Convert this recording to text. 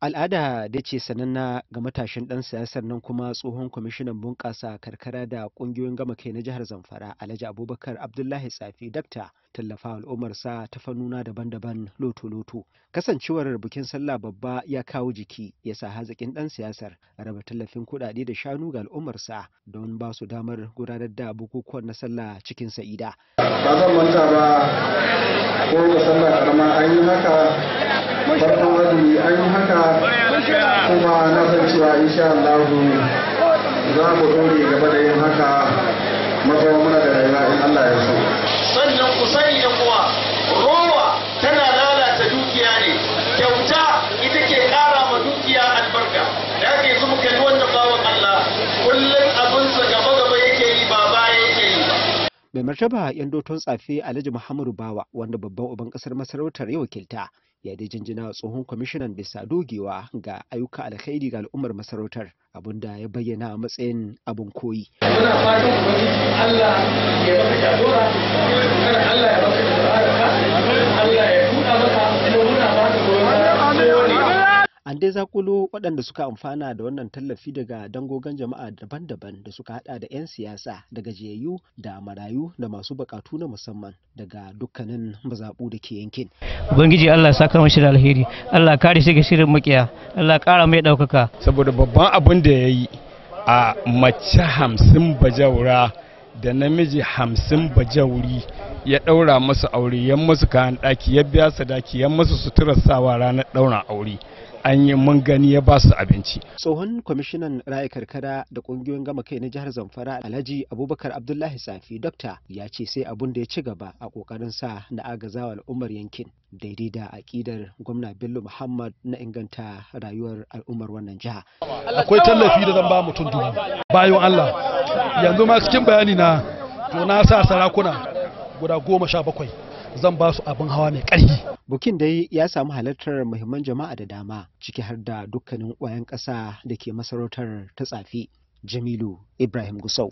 al'ada da ce sananna ga matashin ɗan siyasar nan kuma tsohon kwamishinan bunƙasa karkara da ƙungiyoyin gama kai na jihar zamfara alhaji abubakar abdullahi tsafi dakta tallafa al'ummarsa ta fannuna daban-daban loto-loto kasancewar bikin sallah babba ya kawo jiki ya sa hazikin ɗan siyasar raba tallafin kuɗaɗe da shanu ga al'ummarsa don ba su damar gudanar da bukukuwan na sallah cikin sa'ida. ba zan manta ba ko sallah karama an yi haka farkon azumi an yi haka kuma na san cewa insha Allah za mu dore gaba da yin haka matsawar muna da rayuwa in Allah ya so sannan ku sani yan uwa rowa tana lalata dukiya ne kyauta ita ke ƙara ma dukiya albarka da haka yanzu muka yi wannan bawan Allah kullum abinsa gaba gaba yake yi ba baya yake yi mai martaba yan doton tsafi alhaji muhammadu bawa wanda babban uban kasar masarautar ya wakilta ya dai jinjina tsohon kwamishinan bisa dogewa ga ayyuka alkhairi ga al'ummar masarautar abun da ya bayyana a matsayin abin koyi. An dai zakulo waɗanda suka amfana da wannan tallafi daga dangogon jama'a daban-daban da suka hada da 'yan siyasa da gajiyayyu da marayu da masu bukatu na musamman daga dukkanin mazaɓu da ke yankin. Ubangiji Allah kama shi da alheri, Allah kare shi ga shirin makiya, Allah kara mai ɗaukaka. Saboda babban abin da ya yi a mace hamsin bajaura da namiji hamsin bajauri ya ɗaura masu aure, yan masu kayan ɗaki, ya biya sadaki, yan masu suturar sawa ranar ɗaura aure. an yi mun gani ya ba su abinci. tsohon kwamishinan ra'ayi karkara da kungiyoyin gama kai na jihar zamfara alhaji abubakar abdullahi safi dokta ya ce sai abun da ya ci gaba a kokarin sa na agazawa al'ummar yankin daidai da aƙidar gwamna bello muhammad na inganta rayuwar al'ummar wannan jiha. akwai tallafi da zan ba mutum dubu bayan allah yanzu ma cikin bayani na to na sa sarakuna guda goma sha bakwai zan ba su abin hawa mai ƙarfi. Bukin dai ya samu halartar muhimman jama'a da dama ciki har da dukkanin ƙwayan ƙasa da ke masarautar ta tsafi. Jamilu Ibrahim Gusau,